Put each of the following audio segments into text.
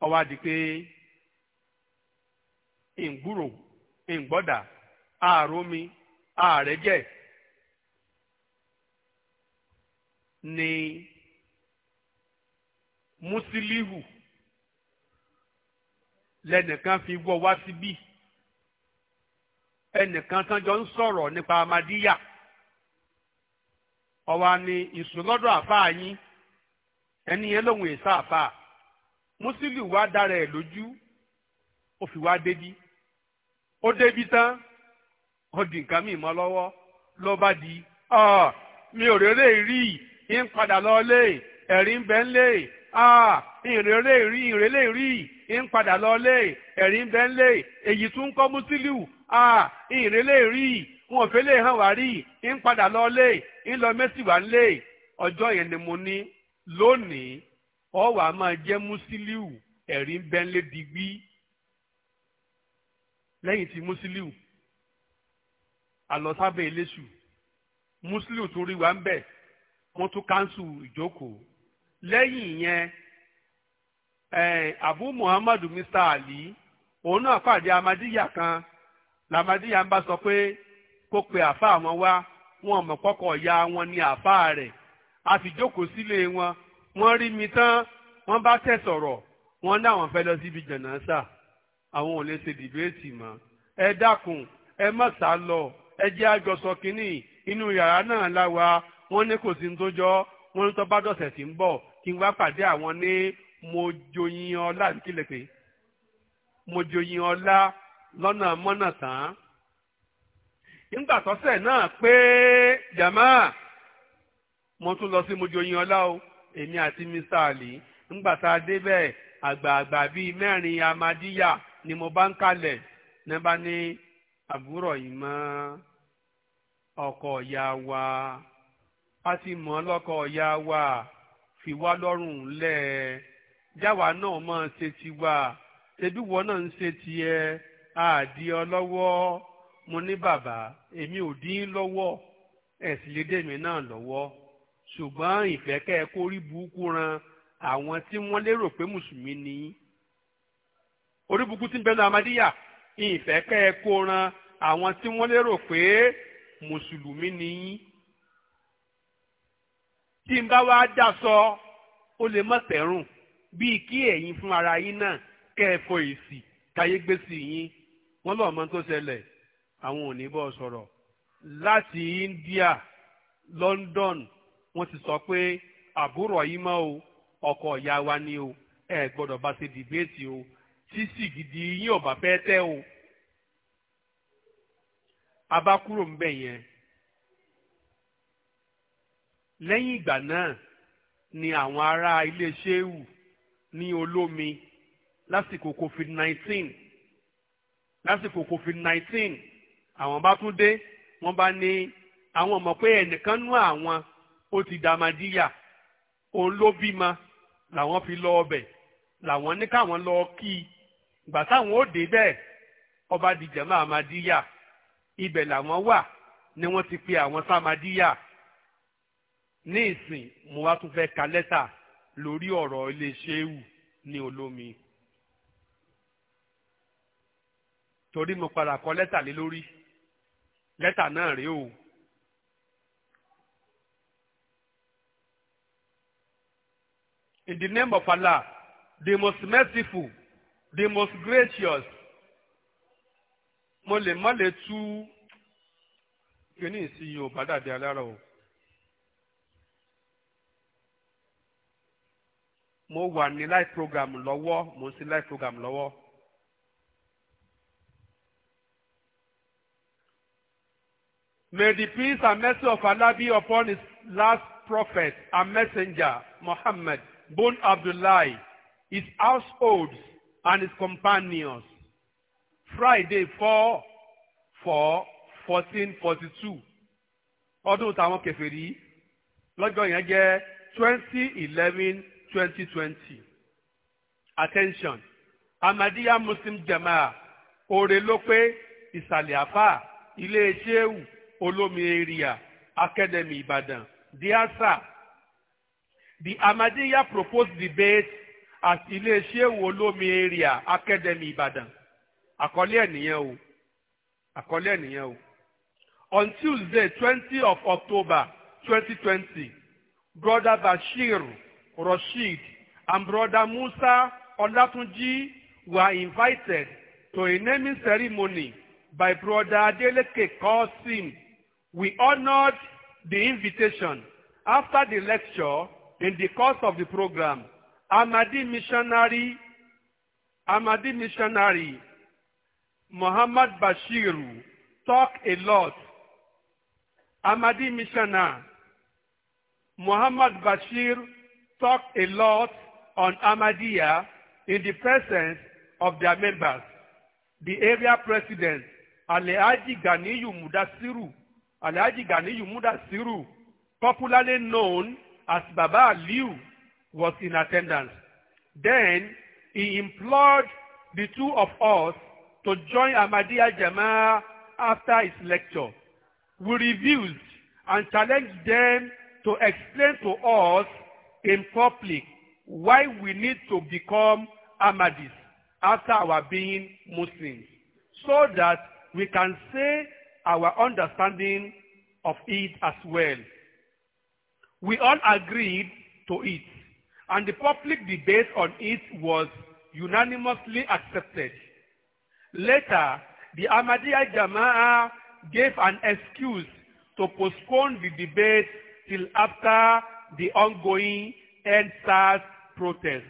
Ọwa dị di ngburo ngbọda ìgbọ́dà ààrómi ni musilihu lẹ́nìkan fi gbọ wá síbí ẹnìkan tán jọ ń sọrọ nípa amadíyà ọwa ni ní ìsúlọ́dọ̀ àfáà yín ẹni yẹn lòun èsà àfáà. Musili wa dára ẹ̀ lójú ó fi wá débi ó débi tán ó di nǹkan mìíràn lọ́wọ́ ló bá di mi ò réré rí i ń padà lọ lé ẹ̀rí ń bẹ ń lé ìréré rí ìréré rí i ń padà lọ lé ẹ̀rí ń bẹ ń lé èyí tún ń kọ́ Músílì ìréré rí i wọn ò fẹ́ hàn wá rí i ń padà lọ lé ń lọ mẹ́sì wá ń lé ọjọ́ yẹn ni mo ní lónìí ọ wà á máa musiliu ẹ̀rí ń bẹ́ńlé digbí ti musiliu àlọ́sábẹ́ elesu musiliu tó rí wa ń bẹ̀ wọ́n tún káńsù ìjókòó lẹ́yìn yẹn abu muhammadu mr ali òun náà pàdé amadiya kan lamadiya ń bá sọ pé kó pe àfa àwọn wá wọn mọ̀ kọkọ ya wọn ni àfa rẹ a sì jókòó sílé wọn. wọ́n rí mi tán wọ́n bá tẹ̀ sọ̀rọ̀ wọ́n láwọn fẹ́ lọ síbi jẹ̀nàṣà àwọn ò lè ṣe dìbéètì mọ́ ẹ dákun ẹ má sá lọ ẹ jẹ́ àjọsọ kínní inú yàrá náà la wà wọ́n ní kò sí ní tó jọ wọ́n ní tó bá dọ̀sẹ̀ tí ń bọ̀ kí n wá pàdé àwọn ní mojoyin ọlá kílẹ̀ mojoyin ọlá lọ́nà mọ́nà tán nígbà tọ́sẹ̀ náà pé jàmáà mo tún lọ sí mojoyin ọlá o èmi àti Mr. Ali ńgbà tá a débẹ̀ àgbààgbà bíi mẹ́rin amadíyà ni mo bá ń kalẹ̀ ní bá ní àbúrò yìí mọ́ ọkọ ìyá wa a ti mọ̀ ọ́ lọ́kọ ìyá wa fi wá lọ́rùn lẹ̀ jáwa náà mọ̀ ń ṣe tiwa ṣebíwọ náà ń ṣe tiẹ̀ àdí ọ lọ́wọ́ mo ní bàbá èmi ò dín lọ́wọ́ ẹ̀ sì mi náà lọ́wọ́ ṣùgbọ́n ìfẹ́ kẹ́ ẹ kó rí burúkú ran àwọn tí wọ́n lérò pé mùsùlùmí ni orí burúkú tí ń bẹ́ẹ̀ ní amadíyà ìfẹ́ kẹ́ ẹ kó ran àwọn tí wọ́n lérò pé mùsùlùmí ni yín tí n bá wá dá sọ ó lè mọ̀ tẹ́rùn bíi kí ẹ̀yin fún ara yín náà kẹ́ ẹ fọ èsì káyé gbé sí yín wọ́n lọ́ọ́ mọ tó ṣẹlẹ̀ àwọn ò ní bọ́ sọ̀rọ̀ láti India London wọ́n ti sọ pé àbúrò yìí mọ́ o ọkọ ìyá wa ni o ẹ gbọ́dọ̀ bá ṣe dìbéètì o tí sì gidi yín ò bá fẹ́ tẹ́ o. abákúrò ń bẹ̀ yẹn lẹ́yìn ìgbà náà ni àwọn ará ilé ṣéwù ní olómi lásìkò covid nineteen lásìkò covid nineteen àwọn bá tún dé wọ́n bá ní àwọn mọ̀ pé ẹnìkan nú àwọn ó ti dàmàdíyà òun ló bímọ làwọn fi lọ ọbẹ̀ làwọn ní káwọn lọ kí i ìgbà táwọn ó dé bẹ́ẹ̀ ọba di jàmá àmàdíyà ibẹ̀ làwọn wà ni wọn ti pe àwọn sàmàdíyà ní ìsìn mo wá tún fẹ́ ka lẹ́tà lórí ọrọ ilé ṣéwù ní olómi torí mo padà kọ lẹ́tà lé lórí lẹ́tà náà rèé o. in the name of Allah, the most merciful, the most gracious. Mo lè má lè tú kíní ìsìn Yorùbá dàdé alára o. Mo wà ní live program lọ́wọ́, mo ń ṣe program lọ́wọ́. May the peace and mercy of Allah be upon his last prophet and messenger, Muhammad born Abdullahi, his households, and his companions. Friday 4 4 1442 ọdún táwọn kèfèrí lọ́jọ́ yẹn jẹ́ 2011 2020. Attention! Amadiya Muslim Jama'a òrè ló pé ìsàlẹ̀ àfà ilé ṣéwù olómi area Academy Ìbàdàn diasa The Ahmadiyya proposed debate at iléeṣẹ́ wo lómi area academy Ìbàdàn. Àkọlé ẹ̀ nìyẹn o. Àkọlé ẹ̀ o. On Tuesday twenty of October twenty twenty, Brother Bashir Rasheed and Brother Musa Olatunji were invited to a naming ceremony by Brother Adeleke Kosim. We honoured the invitation. After the lecture, in the course of the program, Amadi missionary, Amadi missionary Muhammad Bashiru talk a lot. Amadi missionary Muhammad Bashir talk a lot on Ahmadiyya in the presence of their members. The area president, Alhaji Ganiyu Mudasiru, Alhaji Ganiyu Mudasiru, popularly known as Baba Liu was in attendance. Then he implored the two of us to join Ahmadiyya Jama'ah after his lecture. We refused and challenged them to explain to us in public why we need to become Ahmadis after our being Muslims so that we can say our understanding of it as well. We all agreed to it, and the public debate on it was unanimously accepted. Later, the Ahmadiyya Jamaa gave an excuse to postpone the debate till after the ongoing End-SARS protest,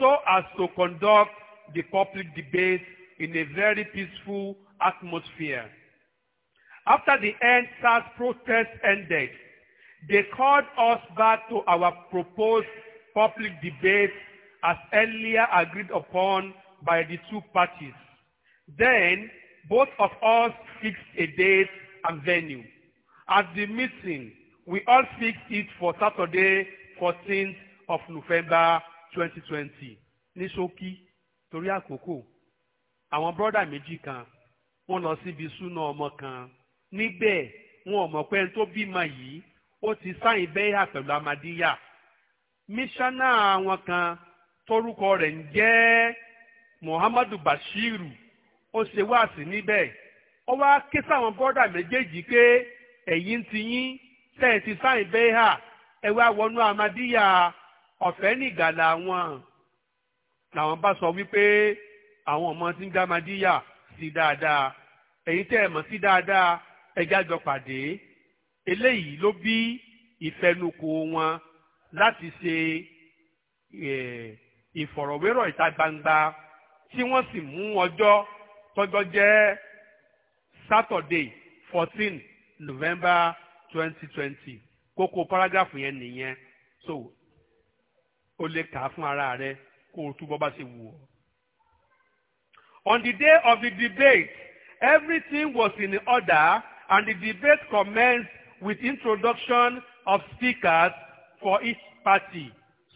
so as to conduct the public debate in a very peaceful atmosphere. After the End-SARS protest ended, they called us back to our proposed public debate as earlier agreed upon by the two parties. Then, both of us fixed a date and venue. At the meeting, we all fixed it for Saturday, 14th of November 2020. Ní ṣókí, torí àkókò, àwọn bọ́dà méjì kan, wọ́n lọ síbi súná ọmọ kan. Níbẹ̀, wọn ò mọ̀ pé ẹni tó bímọ yìí ó ti sáyìn bẹ́yà pẹ̀lú amadiya míṣánná àwọn kan tórúkọ rẹ̀ ń jẹ́ muhammadu bashiru ó ṣe wáàsí níbẹ̀ ó wá ké sáwọn bọ́dà méjèèjì pé ẹ̀yin ti yín ti sáyìn bẹ́yà ẹ wá wọnú amadiya ọ̀fẹ́ sọ wípé àwọn ọmọ ti ń gbá sí dáadáa tẹ́ eléyìí ló bí ìfẹnukò wọn láti ṣe ìfọ̀rọ̀wérọ̀ ìta gbangba tí wọ́n sì mú ọjọ́ tọ́jọ́ jẹ́ Saturday fourteen November twenty twenty kókó paragraph yẹn nìyẹn so o lè kà á fún ara rẹ kó o túbọ̀ bá ṣe wù ọ́. On the day of the debate, everything was in order and the debate commenced with introduction of speakers for each party.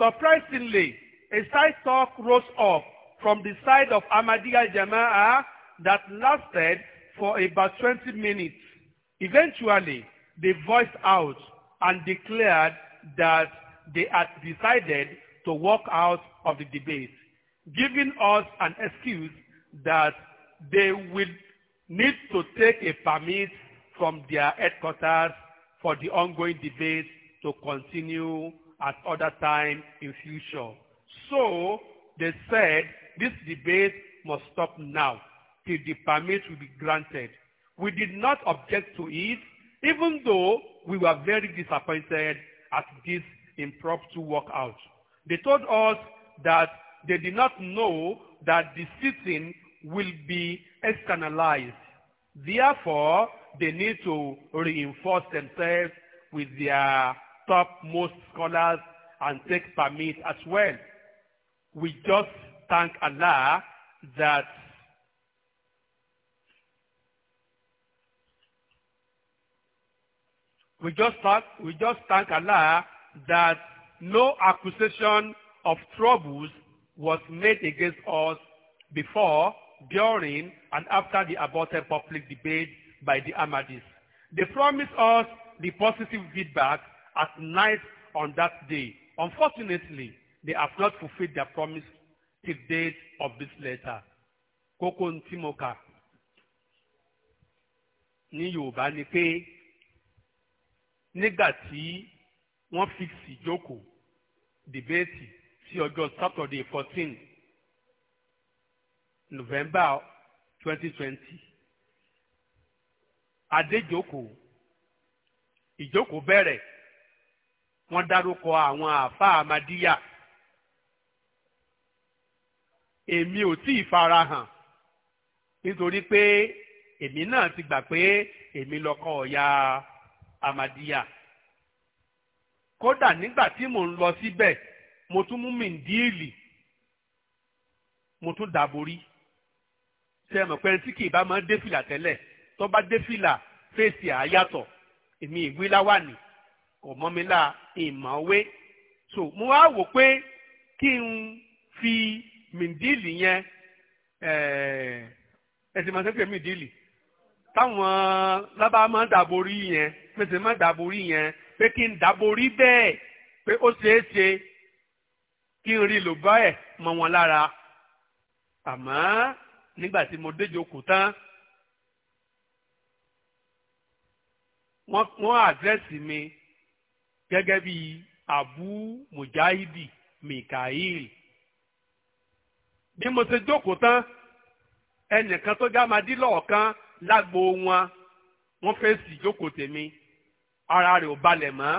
Surprisingly, a side talk rose up from the side of Ahmadiyya Jama'ah that lasted for about 20 minutes. Eventually, they voiced out and declared that they had decided to walk out of the debate, giving us an excuse that they will need to take a permit from their headquarters for the ongoing debate to continue at other time in future. So they said this debate must stop now till the permit will be granted. We did not object to it, even though we were very disappointed at this impromptu walkout. They told us that they did not know that the sitting will be externalized. Therefore, they need to reinforce themselves with their topmost scholars and take permit as well. We just thank Allah that we just thank, we just thank Allah that no accusation of troubles was made against us before, during, and after the aborted public debate by the Amadis, They promised us the positive feedback at night on that day. Unfortunately, they have not fulfilled their promise till date of this letter. Koko tí ní Yorùbá ni pé nígbà tí wọ́n fi síjókòó dìbéètì sí ọjọ́ Saturday fourteen November twenty twenty adéjókòó ìjókòó bẹ̀rẹ̀ wọ́n dárúkọ àwọn àáfàá amadíyà èmi ò tí ì farahàn nítorí pé èmi náà ti gbà pé èmi lọkọ ọ̀ya amadíyà kódà nígbà tí mò ń lọ síbẹ̀ mo tún mú mìndíìlì mo tún dàborí ṣe é tí kì í bá máa dé fìlà tẹ́lẹ̀ tó bá dé fìlà fèsì àyàtọ̀ èmi ìwé láwàní kò mọ́ mi lá ìmọ̀wé so mo wá wò pé kí n fi mìndíìlì yẹn eh, ẹ̀sìn máa ń sẹ́kẹ̀ mìndíìlì táwọn lábá máa ń dàborí yẹn pèsè máa ń dàborí yẹn pé kí n dàborí bẹ́ẹ̀ pé ó ṣeé ṣe kí n rí lò bá ẹ̀ mọ́ wọn lára àmọ́ nígbà tí mo déjòkó tán wọ́n wọ́n àdírẹ́sì mi gẹ́gẹ́ bí abu mujahidi mikael bí mo ṣe jókòó tán ẹnìkan tó já máa dílọ̀ kan lágbo wọn wọ́n fẹ́ sì jókòó tèmi ara rẹ̀ ò balẹ̀ mọ́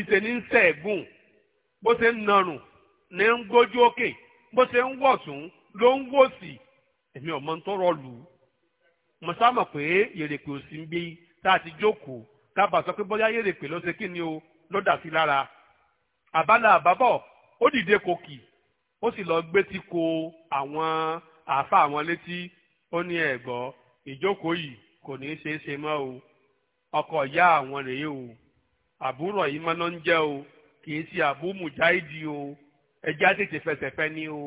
ìṣe ní ń sẹ́ẹ̀gùn bó ṣe ń narùn ní ń gójú òkè bó ṣe ń wọ̀sùn ló ń wòsì èmi ò mọ tó rọlù mo sá mọ̀ pé yèrèpè ò sí ń bí tá a ti jókòó tábà sọ pé bóyá yèrè pè ló ṣe kí ni o ló dà sí lára àbálà àbábọ̀ ó dìde kòkì ó sì lọ gbé tí ko àwọn àáfà àwọn létí ó ní ẹ̀gbọ́ ìjókòó yìí kò ní í ṣe é ṣe mọ́ o ọkọ ìyá àwọn rèé o àbúrò yìí mọ́ná ń jẹ́ o kì í ṣe àbúmùjáìdì o ẹjẹ́ á tètè fẹsẹ̀ fẹ́ ni o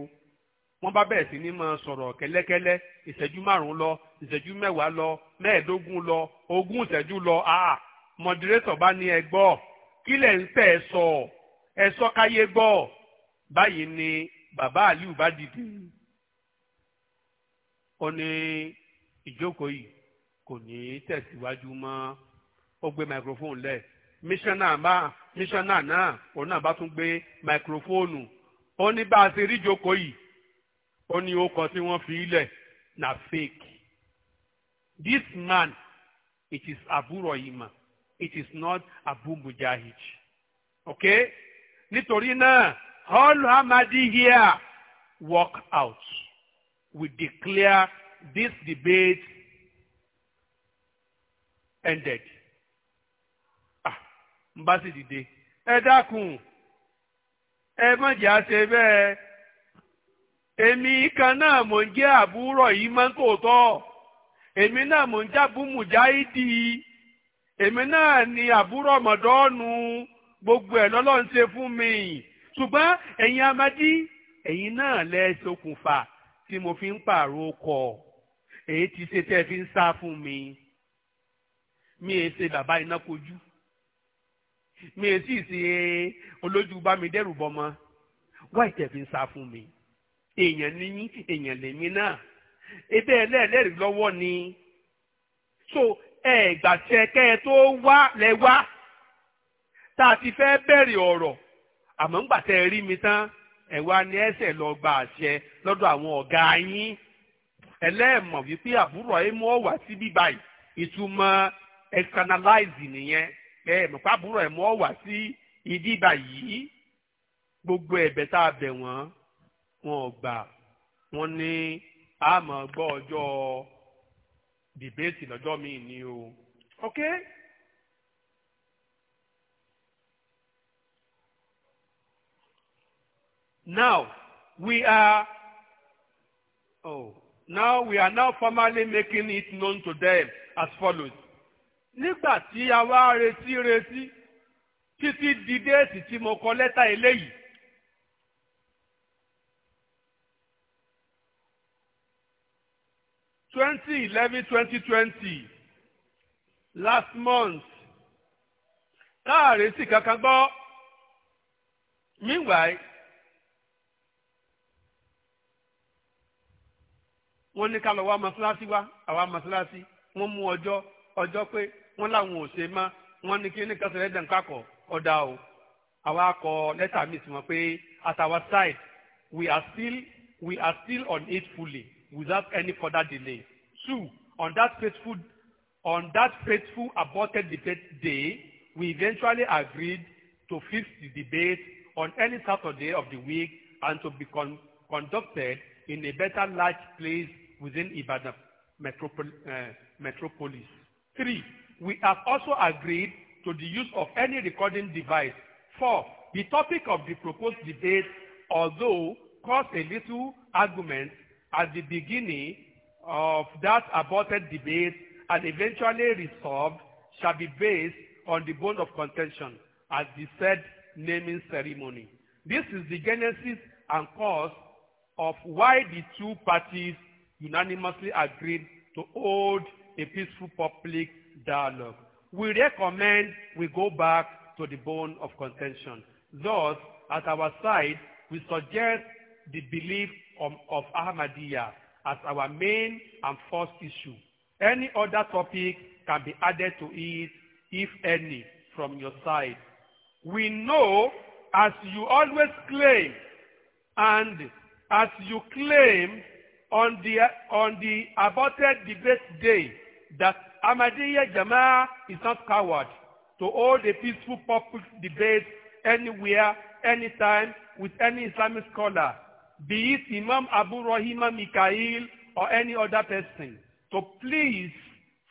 wọ́n bá bẹ̀rẹ̀ sí ní máa sọ̀rọ̀ kẹ́lẹ́kẹ́lẹ́ ìṣẹ́jú márùn-ún lọ ìṣẹ́jú mẹ́wàá lọ mẹ́ẹ̀ẹ́dógún lọ ogún ìṣẹ́jú lọ àà mọ̀dírétọ̀ bá ní ẹ gbọ́ kílẹ̀ ń tẹ̀ ẹ sọ káyé gbọ́ báyìí ni bàbá Aliu bá dìde ó ní ìjókòó yìí kò ní tẹ̀síwájú mọ́ ó gbé microphone lẹ̀ míṣánná bá míṣánná náà òun náà bá tún gbé microphone ó ní bá a ṣe rí yìí ó ní orúkọ tí wọ́n fi ilẹ̀ na fake this man it is Abu Rahima it is not Abu Mujahid okay nítorí náà all Ahmadi here work out we declare this debate ended ah mbasi dide. sì dìde ẹ dákun ẹ má jà ṣe bẹ́ẹ̀ èmi kan náà mò ń jẹ́ àbúrò yìí máa ń kò tọ́ èmi náà mò ń jábú mùjáìdì èmi náà ni àbúrò mọ̀dọ́ọ̀nù gbogbo ẹ̀ lọ́lọ́run ṣe fún mi ṣùgbọ́n ẹ̀yin amadi ẹ̀yin náà lẹ ṣokùnfà tí mo fi ń pààrọ̀ ọkọ̀ èyí ti ṣe tẹ́ fi ń sá fún mi mi è ṣe bàbá iná kojú mi è sì ṣe olójú bá mi dẹ́rù bọ́mọ wáìtẹ̀ fi ń sá fún mi èèyàn ni yín èèyàn lèmi náà ebe ẹlẹ́ẹ̀lẹ́rìí lọ́wọ́ ni so ẹ̀ẹ́gbà tẹ kẹ́ ẹ tó wá lẹ wá tá a ti fẹ́ bẹ̀rẹ̀ ọ̀rọ̀ àmọ́ ńgbà tẹ rí mi tán ẹ̀ wá ní ẹsẹ̀ lọ gba àṣẹ lọ́dọ̀ àwọn ọ̀gá yín ẹlẹ́ẹ̀mọ̀ wípé àbúrò ẹ̀mú ọ̀wà síbí báyìí ìtumọ̀ externalize nìyẹn ẹ̀ẹ̀mọ̀ pàbúrò ẹ̀mú ọ̀wà sí ìdí báyìí gbogbo ẹ̀bẹ̀ tá a bẹ̀ wọ́n wọn ò gbà wọn ní àmọ́ gbọ́ ọjọ́ dìbéètì lọ́jọ́ míì ni o ok. Now we are oh now we are now formally making it known to them as follows. Nígbà tí a wá retí retí títí di déètì tí mo kọ lẹ́tà eléyìí 2011, 2020. last month láàrin sí kankan gbọ́ meanwhile wọ́n ní ká lọ wá mọ́ṣáláṣí wá àwa mọ́ṣáláṣí wọ́n mú ọjọ́ ọjọ́ pé wọ́n láwọn ò ṣe mọ́ wọ́n ní kí nìkan ṣẹlẹ̀ dàn kákọ̀ ọ̀dà o àwa kọ lẹ́tà mi sí wọn pé at our side we are still we are still on it fully without any further delay. Two, on that fateful on that fateful aborted debate day, we eventually agreed to fix the debate on any Saturday of the week and to be con conducted in a better large place within Ibadan metropol uh, metropolis. Three, we have also agreed to the use of any recording device. Four, the topic of the proposed debate, although caused a little argument, at the beginning of that aborted debate and eventually resolved shall be based on the bone of contention at the said naming ceremony. This is the genesis and cause of why the two parties unanimously agreed to hold a peaceful public dialogue. We recommend we go back to the bone of contention. Thus, at our side, we suggest the belief of, Ahmadiyya as our main and first issue. Any other topic can be added to it, if any, from your side. We know, as you always claim, and as you claim on the, on the aborted debate day, that Ahmadiyya Jama'ah is not coward to hold a peaceful public debate anywhere, anytime, with any Islamic scholar be it Imam Abu Rahima Mikhail or any other person, to please,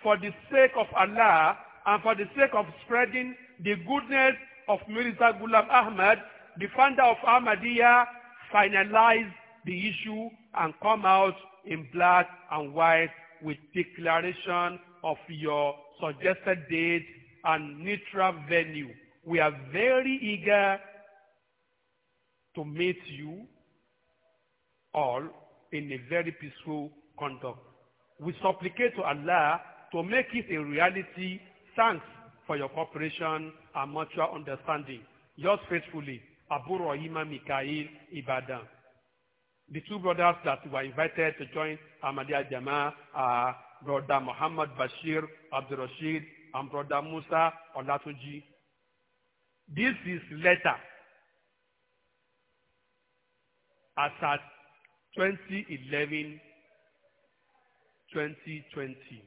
for the sake of Allah and for the sake of spreading the goodness of Mirza Ghulam Ahmad, the founder of Ahmadiyya, finalize the issue and come out in black and white with declaration of your suggested date and neutral venue. We are very eager to meet you all in a very peaceful conduct. We supplicate to Allah to make it a reality. Thanks for your cooperation and mutual understanding. Yours faithfully, Abu Rahima Mikail Ibadan. The two brothers that were invited to join Ahmadiyya Jama are Brother Muhammad Bashir Abdurrashid and Brother Musa Olatunji. This is letter as at 2011, 2020. twenty twenty.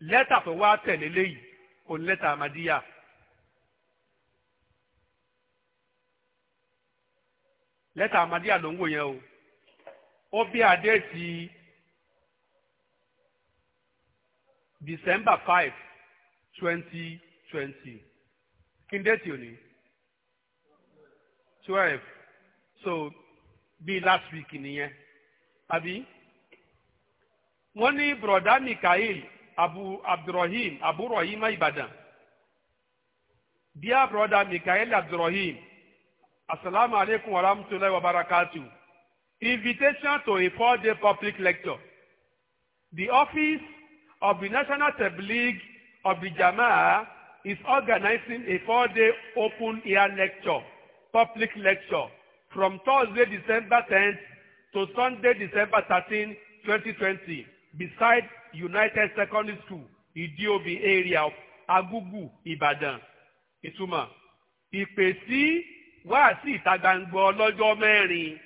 lẹ́tà tó wá tẹ̀lé léyìí òun lẹ́tà Ahmadiyya. lẹ́tà Ahmadiyya ló ń wò yẹn o ó bí adé ti December 5, 2020. twenty kí n dé tì ò ní twelve so be last week nìyẹn àbí wọ́n ní broda Mikael abu abdulrahim aburahima Ìbàdàn dear broda Mikael abdulrahim asalaamu aleykum wa rahmatulahi wa barakatu invitation to a four-day public lecture the office of the national tabligh of the Jama'ah is organizing a four-day open-air lecture public lecture from Thursday, December 10th to Sunday, December 13, 2020, beside United Secondary School, Idiobi area of Agugu, Ibadan. Ìtumọ̀ ìpè sí wáàsí ìta gbangba ọlọ́jọ́ mẹ́rin.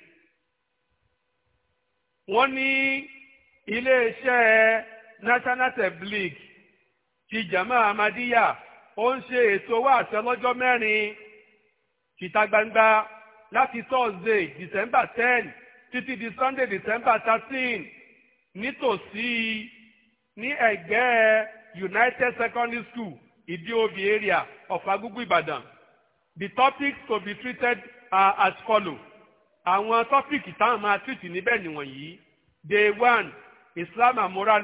Wọ́n ní iléeṣẹ́ National League ti Jama Ahmadiyya ó ń ṣe ètò wáàsí ọlọ́jọ́ mẹ́rin síta gbangba láti thursday december ten títí di sunday december thirteen nítòsí ní ẹ̀gbẹ́ united secondary school ìdíòbí area of agugu ìbàdàn the topics to be treated are as follow àwọn tọ́pìkì táwọn máa treat níbẹ̀ nìwọ̀nyí day one islam and morality.